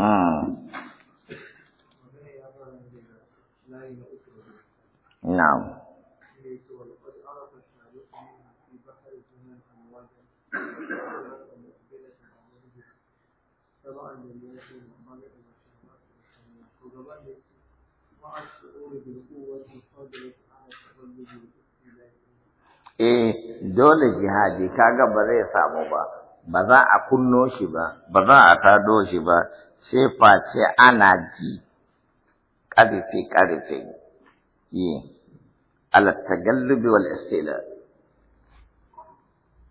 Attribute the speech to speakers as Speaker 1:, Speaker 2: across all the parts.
Speaker 1: امم نعم eh dole jihadi ka ba zai samu ba ba za a kunno shi ba ba za a tado shi ba sai face ana ji karfe ƙarfi yi ala tagallubi wal istila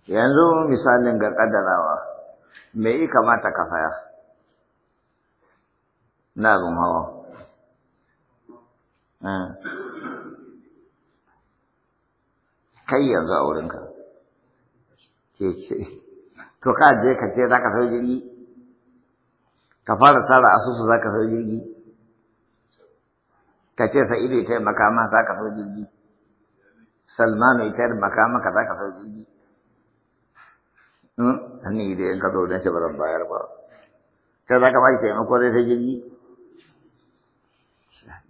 Speaker 1: yanzu misalin ga ƙaddarawa me yi kamata ka saya na abin hawa hmm. kai yanzu a wurinka ke to ka je ka ce za ka sau jirgi ka fara tsara asusu za ka sau jirgi ka ce sa'idu ya taimaka makama za ka sau jirgi salmanu ya makama ka za ka sau jirgi hmm? ni idan yanka zo don ce ba zan bayar ba ta za ka ba shi taimako zai sai jirgi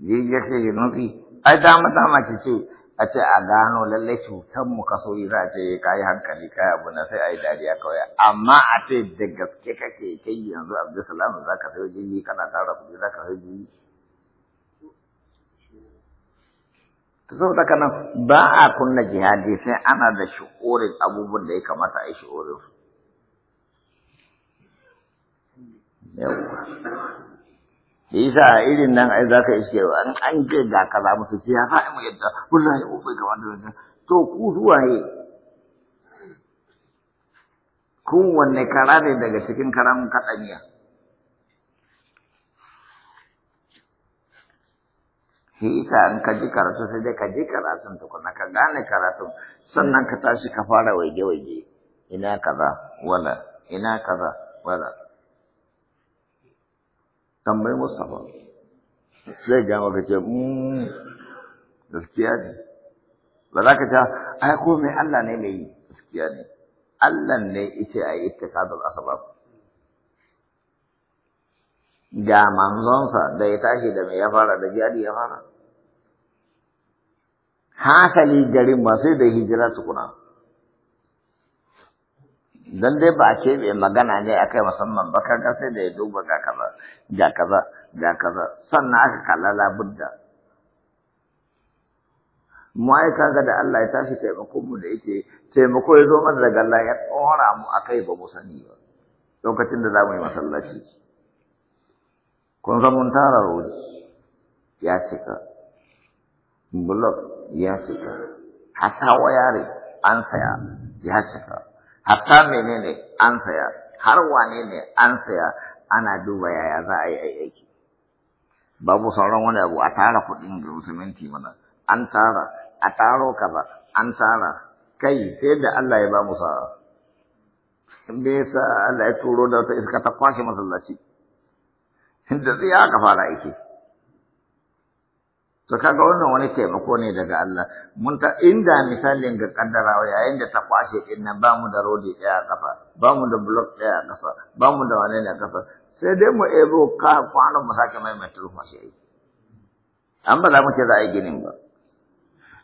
Speaker 1: jirgi ya ce nufi? ai dama dama ce ce a ce a gano lallai cutar mu kaso yi za a ce ka yi hankali ka abu na sai a yi dariya kawai amma a ce da gaske kake kai yanzu abdulsalam za ka sayo jini kana tara kuɗi za ka sayo jini da kana ba a kunna jihadi sai ana da shi'orin abubuwan da ya kamata a yi shi'orin su da yasa a irin nan ai zaka iske an an ga ga kaza musu ce ya fa'i mu yadda wallahi ko bai kamata wannan to ku ne kun wanne kara ne daga cikin karan kaɗaniya shi Isa in ka ji karatu sai dai ka ji karatun tukuna ka gane karatun sannan ka tashi ka fara waige-waige ina kaza wala ina kaza wala tambayi Mustapha sai ga maka ce mm, gaskiya ne ba za ka ta ai ko mai Allah ne mai gaskiya ne Allah ne yace ai ittikadul asbab ga manzonsa da ya tashi da mai ya fara da jadi ya fara hakali garin ba sai da hijira tukuna don dai ba a mai magana ne a kai musamman ba kaga sai da ya duba ga kaza ga kaza ga kaza sannan aka kalla Budda. mu ai kaga da Allah ya tashi taimakon mu da yake taimako ya zo mana daga Allah ya tsora mu akai ba mu sani ba lokacin da za mu yi masallaci kun san mun tara roji ya cika blok ya cika Hata wayare an saya ya cika hatta menene an saya har wane ne an saya ana duba yaya za a yi aiki babu sauran wani abu a tara kuɗin da musulunci mana an tara a taro kaza an tara kai sai da Allah ya ba mu sa'a me yasa Allah ya turo da wata iska ta kwashe masallaci da zai aka fara aiki To kaga wannan wani taimako ne daga Allah. Mun ta inda misalin ga kaddarawa yayin da ta kwashe din nan bamu da rodi ɗaya a kafa, bamu da blok ɗaya a kafa, bamu da wani ne a kafa. Sai dai mu ebo ka kwano, mu sake mai mai turfa shi. An ba za mu ce za a yi ginin ba.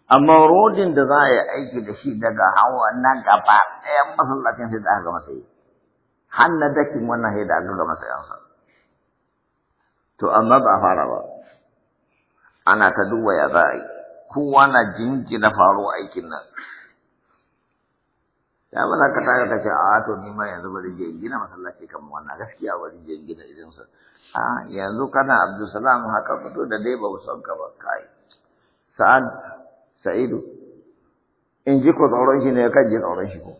Speaker 1: Amma rodin da za a yi aiki da shi daga hawa na gaba ɗaya masallacin sai da aka gama sai. Hanna dakin wannan sai da aka gama sayansa. To amma ba a fara ba. ana ta duba ya za a yi kowa na jingina faro aikin nan ya ba za ka tara ka ce a to ni ma yanzu bari je gina masallaci kamar wannan gaskiya bari je gina sa a yanzu kana Abdulsalam haka fito da dai ba son ka ba kai sa'ad sa'idu in ji ko tsoron shi ne kan ji tsoron shi ko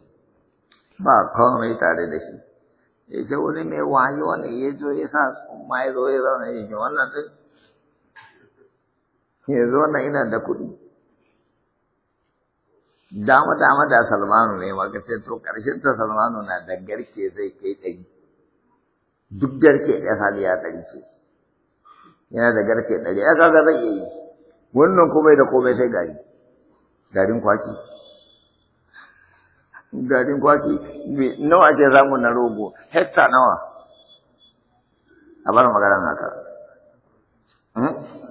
Speaker 1: ba komai tare da shi ya ce wani mai wayo ne ya zo ya sa tsumma ya zo ya zauna ya ce wannan din yanzu wannan ina da kuɗi dama dama da salmanu ne maka ce to ƙarshen ta salmanu na da garke zai kai ɗari duk garke ɗaya hali ya ɗari ce yana da garke ɗari ya kaga zai iya yi wannan komai da komai sai gari garin kwaki garin kwaki nawa ce zamu na rogo hekta nawa a bar maganar haka hmm?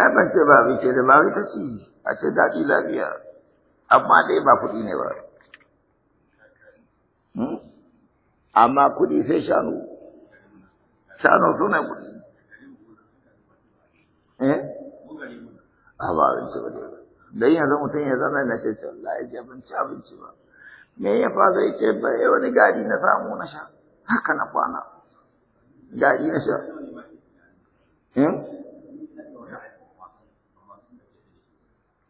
Speaker 1: ai ce ba ce da ba wai ta ci a ce daɗi lafiya amma dai ba kuɗi ne ba hmm? amma kuɗi sai shanu shanu suna kuɗi eh a ba abinci ba dai dan yanzu mutum ya zama na ce wallahi ji abinci abinci ba me ya fa zai ce ba ya wani gari na samu na sha haka na kwana gari na sha hmm?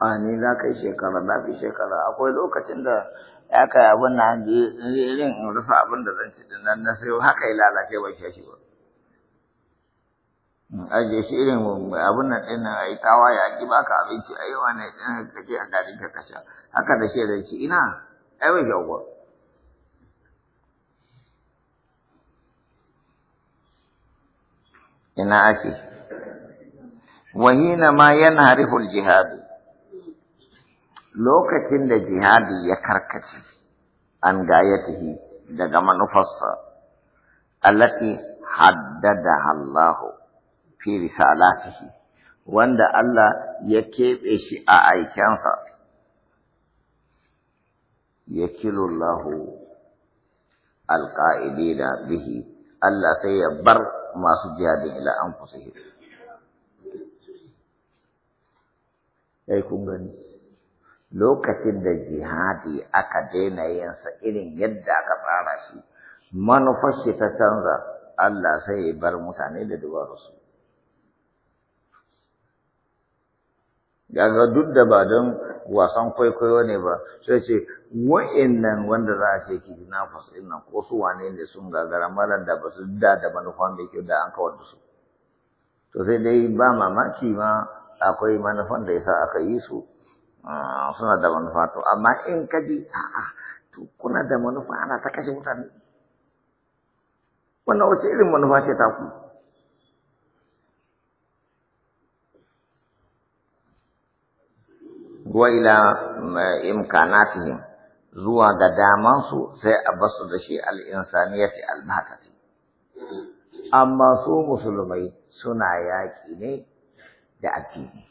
Speaker 1: a ni ka yi shekara ka fi shekara akwai lokacin da ya kai abin na hanji irin in rufa abin da zan ci din nan na sayo haka ya lalace ban sha shi ba aje shi irin abin nan din nan ai tawa ya ki baka abinci ai wani din ka je a garin ka kasha haka da shi da shi ina ai wai jawo ina ake wahina ma yana al-jihadu lokacin da jihadi ya karkace an gayatihi daga manufarsa allati haddada Allahu fi risalatihi wanda Allah ya keɓe shi a aikensa ya kilullahu da bihi Allah sai ya bar masu jihadin ila an fusa kun gani lokacin da jihadi aka daina yinsa irin yadda aka fara shi manufar ta canza Allah sai ya bar mutane da dubararsu. Gaga duk da ba don wasan kwaikwayo ne ba, sai ce, wa'innan wanda za a ce ki na fasin nan ko su wane ne sun gagara malar da ba su da da manufa mai kyau da an kawar da su. To sai dai ba mamaki ma akwai manufan da yasa aka yi su Ah, suna da manufa to amma ah, in ka ji a'a ah, to kuna da manufa ana ta kashe mutane wannan wace irin manufa ce ta ku wa ila eh, imkanatihim zuwa ga damansu sai a basu da shi al'insaniyati al-bakati amma su musulmai suna yaƙi ne da addini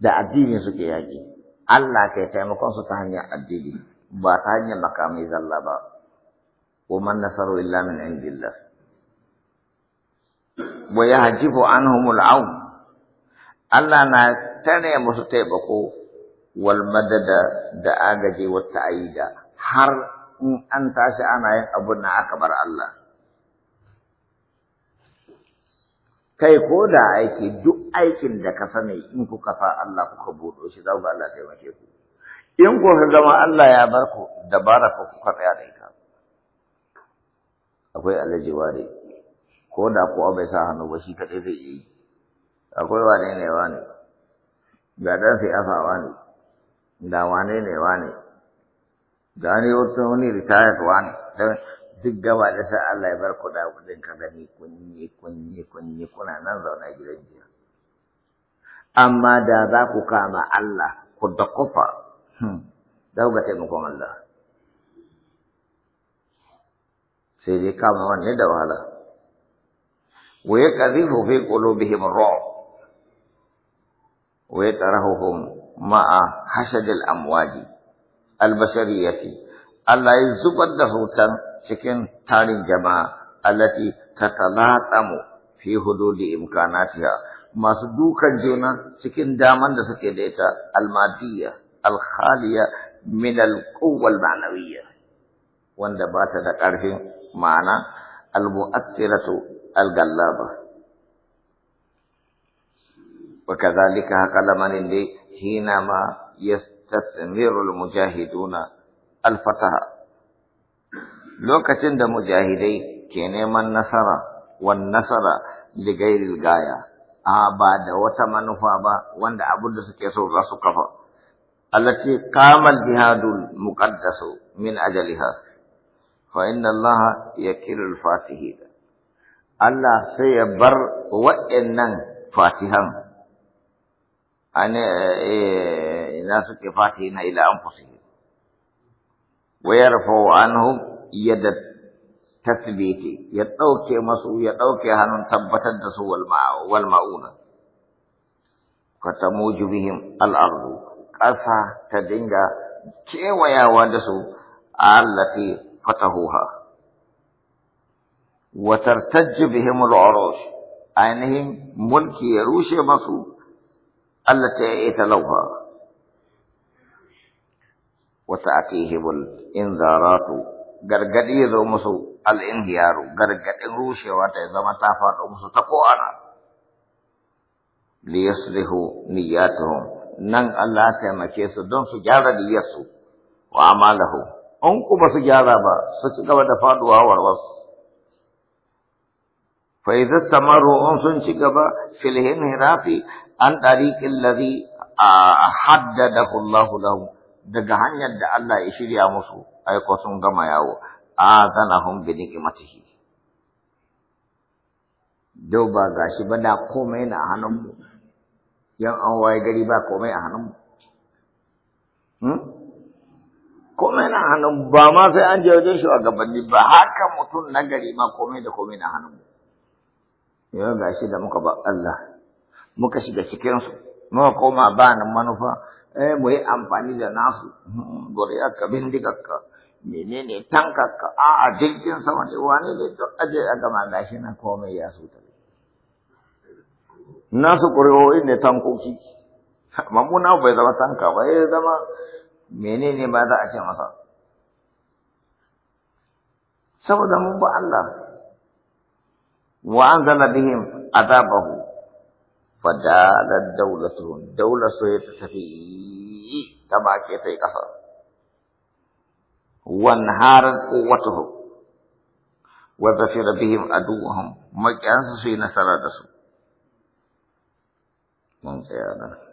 Speaker 1: da addini suke yaki. Allah kai taimakon su ta hanyar addini ba ta hanyar makamai zalla ba wa man nasaru illa min indillah wa yahjibu anhum aw? Allah na tare musu taimako wal madada da agaje ayi da. har in an tashi ana yin abun na aka bar Allah kai ko da aiki duk aikin da ka sani in kuka sa Allah kuka buɗo shi za ku Allah taimake ku in ku zama Allah ya bar ku dabara ku kuka tsaya da ita akwai alaji ware ko da kuwa bai sa hannu ba shi kaɗai zai yi akwai wane ne wane ga sai afa wane da wane ne wane da ne wata wani ritayat wane duk gaba da sa Allah ya bar ku da wurin ka gani kunyi kunyi kunyi kuna nan zauna gidan jiya amma da za ku kama Allah ku da kufa za ku ga taimakon Allah sai dai kama wanne da wahala wa yaqdhifu fi qulubihim ar-ru'b wa yatrahuhum ma'a hasadil amwaji al-bashariyati الله يزبد فوتن شكن ثاني جماعة التي تتلاطم في حدود إمكاناتها مصدوكا جونا شكن دامن دسكي ديتا المادية الخالية من القوة المعنوية وند باتا دكاره معنى المؤثرة الغلابة وكذلك هكذا من حينما يستثمر المجاهدون الفتح لوكتين دا مجاهدي كيني من نصر والنصر لغير الغاية آباد آه، وتمن فابا واند عبد سكيسو راسو كفا التي قام الجهاد المقدس من أجلها فإن الله يكل الفاتحين الله سيبر وإنن فاتحا أنا إيه ناسك فاتحين إلى أنفسهم ويرفع عنهم يد التثبيت يدوكي مسو يدوكي هن تبتت دسو والمعونة فتموج بهم الأرض أسا تدنجا كي ويا ودسو التي فتحوها وترتج بهم العروش أينهم ملكي يروش مسو التي ائت وتأتيهم الإنذارات غرغدي رومس الانهيار غرغدي روشي واتا زمتافات رومس تقوانا ليصلحوا نياتهم نن الله تعالى كيس دون سجارة ليسو وعماله انكو بسجارة با سجارة دفاد وعور وص فإذا استمروا انسون شكبا في الهنهرافي عن طريق الذي آه، حدده الله لهم daga hanyar da Allah ya shirya musu aiko sun gama yawo azanahum bi ni'matihi dau ba gashi ba da komai na hannunmu yan an waye gari ba komai a hannunmu hmm? komai na hannun ba ma sai an je wajen shugabanni ba haka mutum na gari ma komai da komai na hannunmu yau shi da muka ba Allah muka shiga cikinsu muka koma ba nan manufa eh mu amfani da nasu zuriyarka hmm, bindigarka menene A a jirgin sama ne wane ne duk aje a gama shi na komai ya su tare nasu ƙuri'o'i ne tankoki na bai zama tanka ba ya zama menene ba za a ce masa saboda mun ba Allah wa anzala bihim adabahu فدالت الدولة دولة سويت تفي كما كيفي قصر وانهارت قوته وظفر بهم عدوهم ما كان سوى نسرى من